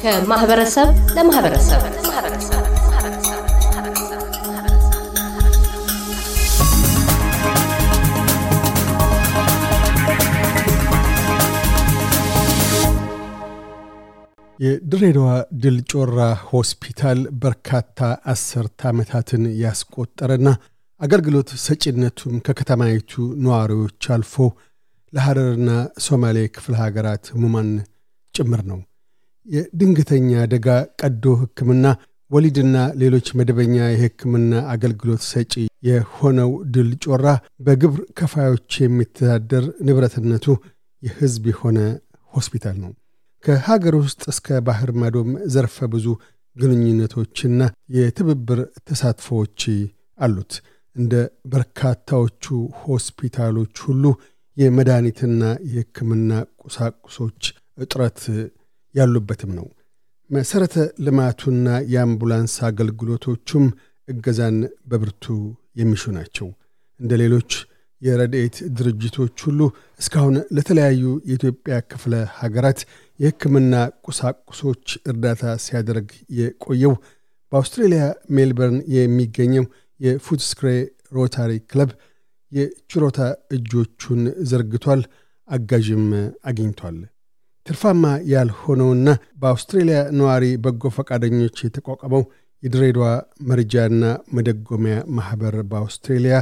ከማህበረሰብ ለማህበረሰብ የድሬዳዋ ድል ጮራ ሆስፒታል በርካታ አስርተ ዓመታትን ያስቆጠረና አገልግሎት ሰጪነቱም ከከተማይቱ ነዋሪዎች አልፎ ለሐረርና ሶማሌ ክፍለ ሀገራት ሙማን ጭምር ነው። የድንገተኛ አደጋ ቀዶ ሕክምና ወሊድና ሌሎች መደበኛ የሕክምና አገልግሎት ሰጪ የሆነው ድል ጮራ በግብር ከፋዮች የሚተዳደር ንብረትነቱ የህዝብ የሆነ ሆስፒታል ነው። ከሀገር ውስጥ እስከ ባህር ማዶም ዘርፈ ብዙ ግንኙነቶችና የትብብር ተሳትፎዎች አሉት። እንደ በርካታዎቹ ሆስፒታሎች ሁሉ የመድኃኒትና የሕክምና ቁሳቁሶች እጥረት ያሉበትም ነው። መሠረተ ልማቱና የአምቡላንስ አገልግሎቶቹም እገዛን በብርቱ የሚሹ ናቸው። እንደ ሌሎች የረድኤት ድርጅቶች ሁሉ እስካሁን ለተለያዩ የኢትዮጵያ ክፍለ ሀገራት የሕክምና ቁሳቁሶች እርዳታ ሲያደርግ የቆየው በአውስትሬልያ ሜልበርን የሚገኘው የፉትስክሬ ሮታሪ ክለብ የችሮታ እጆቹን ዘርግቷል፣ አጋዥም አግኝቷል። ትርፋማ ያልሆነውና በአውስትሬልያ ነዋሪ በጎ ፈቃደኞች የተቋቋመው የድሬዳዋ መርጃና መደጎሚያ ማኅበር በአውስትሬልያ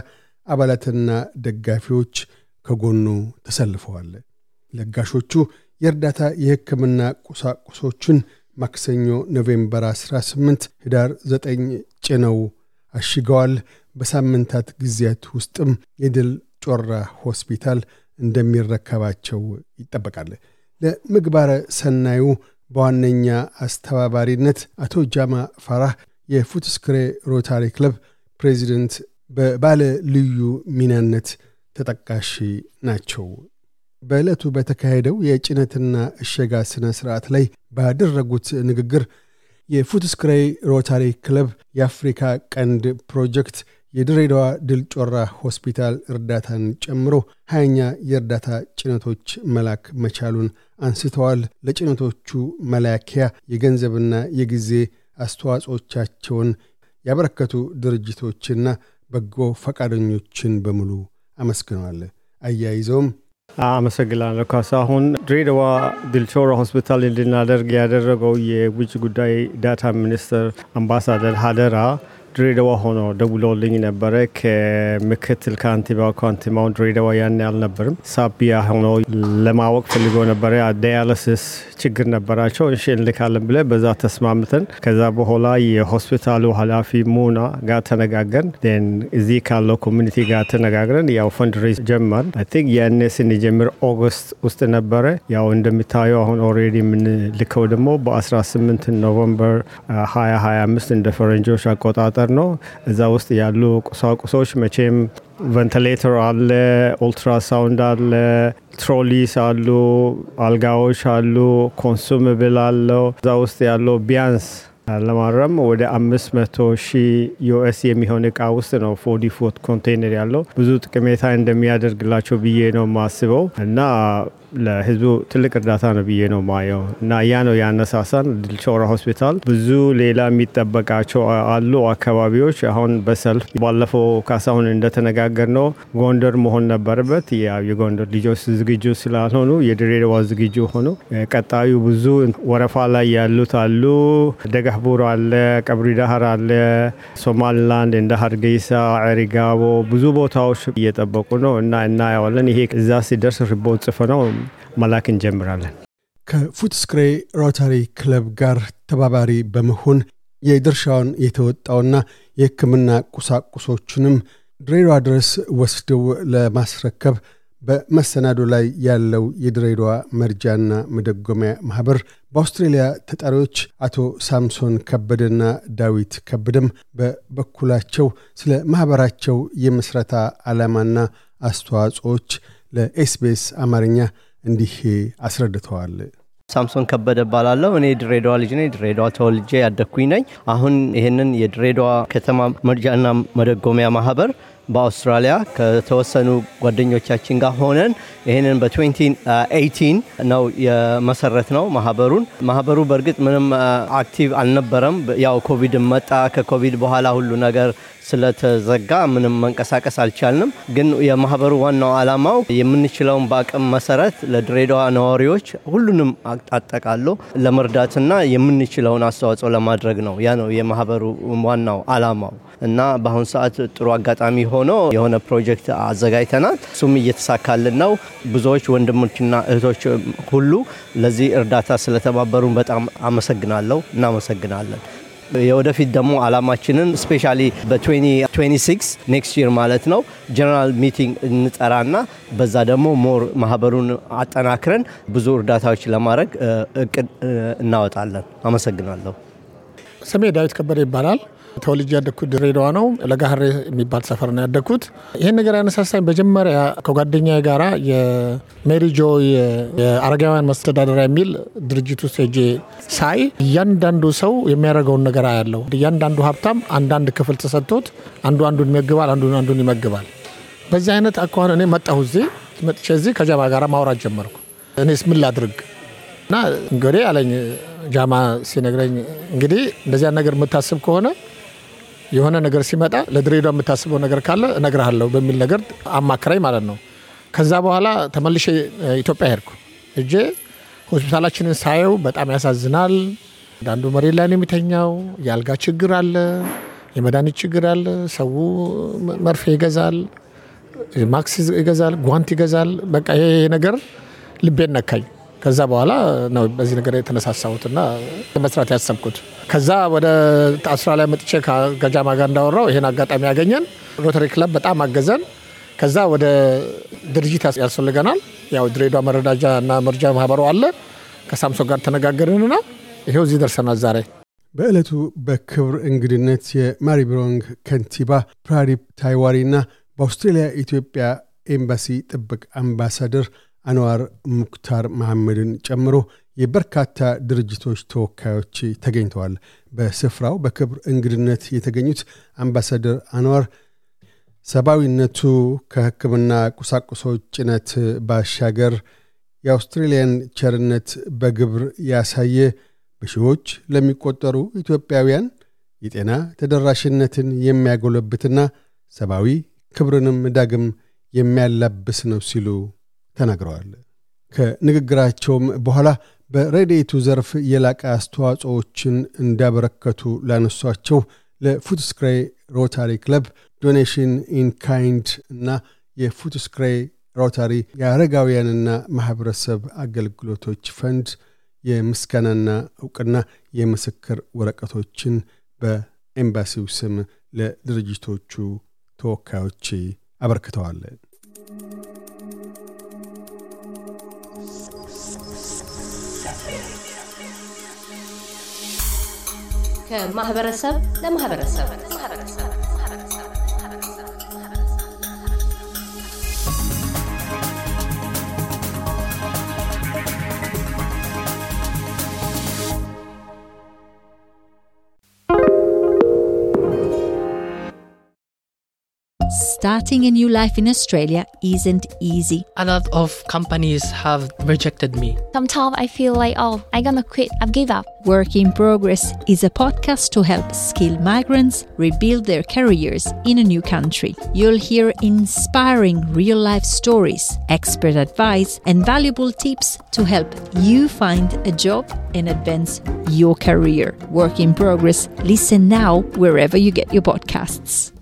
አባላትና ደጋፊዎች ከጎኑ ተሰልፈዋል። ለጋሾቹ የእርዳታ የሕክምና ቁሳቁሶችን ማክሰኞ ኖቬምበር 18 ህዳር 9 ጭነው አሽገዋል። በሳምንታት ጊዜያት ውስጥም የድል ጮራ ሆስፒታል እንደሚረከባቸው ይጠበቃል። ለምግባረ ሰናዩ በዋነኛ አስተባባሪነት አቶ ጃማ ፋራህ የፉትስክሬ ሮታሪ ክለብ ፕሬዚደንት በባለ ልዩ ሚናነት ተጠቃሽ ናቸው። በዕለቱ በተካሄደው የጭነትና እሸጋ ሥነ ሥርዓት ላይ ባደረጉት ንግግር የፉትስክሬ ሮታሪ ክለብ የአፍሪካ ቀንድ ፕሮጀክት የድሬዳዋ ድል ጮራ ሆስፒታል እርዳታን ጨምሮ ሀያኛ የእርዳታ ጭነቶች መላክ መቻሉን አንስተዋል። ለጭነቶቹ መላኪያ የገንዘብና የጊዜ አስተዋጽኦቻቸውን ያበረከቱ ድርጅቶችና በጎ ፈቃደኞችን በሙሉ አመስግነዋል። አያይዘውም አመሰግናለሁ ካሳ። አሁን ድሬዳዋ ድልጮራ ሆስፒታል እንድናደርግ ያደረገው የውጭ ጉዳይ ዳታ ሚኒስትር አምባሳደር ሀደራ ድሬዳዋ ሆኖ ደውሎልኝ ነበረ። ከምክትል ከንቲባ ከንቲማው ድሬዳዋ ያን አልነበርም ሳቢያ ሆኖ ለማወቅ ፈልጎ ነበረ። ዳያለሲስ ችግር ነበራቸው። እሺ እንልካለን ብለ በዛ ተስማምተን ከዛ በኋላ የሆስፒታሉ ኃላፊ ሙና ጋር ን እዚህ ካለው ኮሚኒቲ ጋር ተነጋግረን ያው ፈንድሬ ጀመር። አይ ቲንክ ያኔ ስንጀምር ኦገስት ውስጥ ነበረ። ያው እንደሚታየው አሁን ኦልሬዲ የምንልከው ደግሞ በ18 ኖቨምበር 2025 እንደ ፈረንጆች አቆጣጠር ሴክተር ነው። እዛ ውስጥ ያሉ ቁሳቁሶች መቼም ቨንቲሌተር አለ፣ ኦልትራሳውንድ አለ፣ ትሮሊስ አሉ፣ አልጋዎች አሉ፣ ኮንሱምብል አለው። እዛ ውስጥ ያለው ቢያንስ ለማረም ወደ መቶ ሺህ ዩኤስ የሚሆን እቃ ውስጥ ነው ፎዲ ፉት ኮንቴይነር ያለው ብዙ ጥቅሜታ እንደሚያደርግላቸው ብዬ ነው የማስበው እና ለህዝቡ ትልቅ እርዳታ ነው ብዬ ነው ማየው እና ያ ነው ያነሳሳን። ድል ሆስፒታል ብዙ ሌላ የሚጠበቃቸው አሉ አካባቢዎች። አሁን በሰልፍ ባለፈው ካሳሁን እንደተነጋገር ነው ጎንደር መሆን ነበረበት። የጎንደር ልጆች ዝግጁ ስላልሆኑ የድሬዳዋ ዝግጁ ሆኑ። ቀጣዩ ብዙ ወረፋ ላይ ያሉት አሉ። ደጋህቡር አለ፣ ቀብሪ ዳህር አለ፣ ሶማሊላንድ እንደ ሀርጌሳ፣ ዕሪጋቦ ብዙ ቦታዎች እየጠበቁ ነው እና እናየዋለን። ይሄ እዛ ሲደርስ ሪፖርት ጽፈ ነው መላክ እንጀምራለን። ከፉትስክሬ ሮታሪ ክለብ ጋር ተባባሪ በመሆን የድርሻውን የተወጣውና የሕክምና ቁሳቁሶችንም ድሬዳዋ ድረስ ወስደው ለማስረከብ በመሰናዶ ላይ ያለው የድሬዳዋ መርጃና መደጎሚያ ማህበር በአውስትሬልያ ተጣሪዎች አቶ ሳምሶን ከበደና ዳዊት ከበደም በበኩላቸው ስለ ማኅበራቸው የምስረታ ዓላማና አስተዋጽኦች ለኤስቢኤስ አማርኛ እንዲህ አስረድተዋል። ሳምሶን ከበደ ባላለሁ እኔ ድሬዳዋ ልጅ ነኝ። ድሬዳዋ ተወልጄ ያደግኩኝ ነኝ። አሁን ይህንን የድሬዳዋ ከተማ መርጃና መደጎሚያ ማህበር በአውስትራሊያ ከተወሰኑ ጓደኞቻችን ጋር ሆነን ይህንን በ2018 ነው የመሰረት ነው ማህበሩን። ማህበሩ በእርግጥ ምንም አክቲቭ አልነበረም። ያው ኮቪድ መጣ። ከኮቪድ በኋላ ሁሉ ነገር ስለተዘጋ ምንም መንቀሳቀስ አልቻልንም። ግን የማህበሩ ዋናው አላማው የምንችለውን በአቅም መሰረት ለድሬዳዋ ነዋሪዎች ሁሉንም አጣጠቃሎ ለመርዳትና የምንችለውን አስተዋጽኦ ለማድረግ ነው። ያ ነው የማህበሩ ዋናው አላማው እና በአሁኑ ሰዓት ጥሩ አጋጣሚ ሆኖ የሆነ ፕሮጀክት አዘጋጅተናል። እሱም እየተሳካልን ነው። ብዙዎች ወንድሞችና እህቶች ሁሉ ለዚህ እርዳታ ስለተባበሩን በጣም አመሰግናለሁ። እናመሰግናለን። የወደፊት ደግሞ አላማችንን ስፔሻሊ በ2026 ኔክስት ይር ማለት ነው ጀነራል ሚቲንግ እንጠራና በዛ ደግሞ ሞር ማህበሩን አጠናክረን ብዙ እርዳታዎች ለማድረግ እቅድ እናወጣለን። አመሰግናለሁ። ስሜ ዳዊት ከበደ ይባላል። ተወልጄ ያደግኩት ድሬዳዋ ነው። ለጋህሬ የሚባል ሰፈር ነው ያደግኩት። ይህን ነገር ያነሳሳኝ መጀመሪያ ከጓደኛ ጋራ የሜሪጆ የአረጋውያን መስተዳደሪያ የሚል ድርጅት ውስጥ ሄጄ ሳይ እያንዳንዱ ሰው የሚያደርገውን ነገር አያለው። እያንዳንዱ ሀብታም አንዳንድ ክፍል ተሰጥቶት አንዱ አንዱን ይመግባል፣ አንዱ አንዱን ይመግባል። በዚህ አይነት አኳን እኔ መጣሁ። እዚህ መጥቼ እዚህ ከጃማ ጋር ማውራት ጀመርኩ። እኔስ ምን ላድርግ እና እንግዲህ አለኝ ጃማ ሲነግረኝ እንግዲህ እንደዚያ ነገር የምታስብ ከሆነ የሆነ ነገር ሲመጣ ለድሬዳዋ የምታስበው ነገር ካለ እነግርሃለሁ በሚል ነገር አማከራኝ ማለት ነው። ከዛ በኋላ ተመልሼ ኢትዮጵያ ሄድኩ። እጄ ሆስፒታላችንን ሳየው በጣም ያሳዝናል። አንዳንዱ መሬት ላይ ነው የሚተኛው። የአልጋ ችግር አለ፣ የመድኃኒት ችግር አለ። ሰው መርፌ ይገዛል፣ ማክስ ይገዛል፣ ጓንት ይገዛል። በቃ ይሄ ነገር ልቤን ነካኝ። ከዛ በኋላ ነው በዚህ ነገር የተነሳሳሁትና መስራት ያሰብኩት። ከዛ ወደ አውስትራሊያ መጥቼ ከገጃማ ጋር እንዳወራው ይሄን አጋጣሚ ያገኘን ሮተሪ ክለብ በጣም አገዘን። ከዛ ወደ ድርጅት ያስፈልገናል፣ ያው ድሬዳዋ መረዳጃ እና መርጃ ማህበሩ አለ። ከሳምሶ ጋር ተነጋገርንና ይሄው እዚህ ደርሰናል ዛሬ። በዕለቱ በክብር እንግድነት የማሪብሮንግ ከንቲባ ፕራዲፕ ታይዋሪና በአውስትሬልያ ኢትዮጵያ ኤምባሲ ጥብቅ አምባሳደር አንዋር ሙክታር መሐመድን ጨምሮ የበርካታ ድርጅቶች ተወካዮች ተገኝተዋል። በስፍራው በክብር እንግድነት የተገኙት አምባሳደር አንዋር ሰብአዊነቱ ከህክምና ቁሳቁሶች ጭነት ባሻገር የአውስትሬልያን ቸርነት በግብር ያሳየ በሺዎች ለሚቆጠሩ ኢትዮጵያውያን የጤና ተደራሽነትን የሚያጎለብትና ሰብአዊ ክብርንም ዳግም የሚያላብስ ነው ሲሉ ተናግረዋል። ከንግግራቸውም በኋላ በረድኤቱ ዘርፍ የላቀ አስተዋጽኦዎችን እንዳበረከቱ ላነሷቸው ለፉትስክሬ ሮታሪ ክለብ ዶኔሽን ኢንካይንድ እና የፉትስክሬ ሮታሪ የአረጋውያንና ማህበረሰብ አገልግሎቶች ፈንድ የምስጋናና እውቅና የምስክር ወረቀቶችን በኤምባሲው ስም ለድርጅቶቹ ተወካዮች አበርክተዋል። ከማህበረሰብ ለማህበረሰብ starting a new life in Australia isn't easy. A lot of companies have rejected me. Sometimes I feel like, oh, I'm gonna quit, I've given up. Work in Progress is a podcast to help skilled migrants rebuild their careers in a new country. You'll hear inspiring real life stories, expert advice, and valuable tips to help you find a job and advance your career. Work in Progress, listen now wherever you get your podcasts.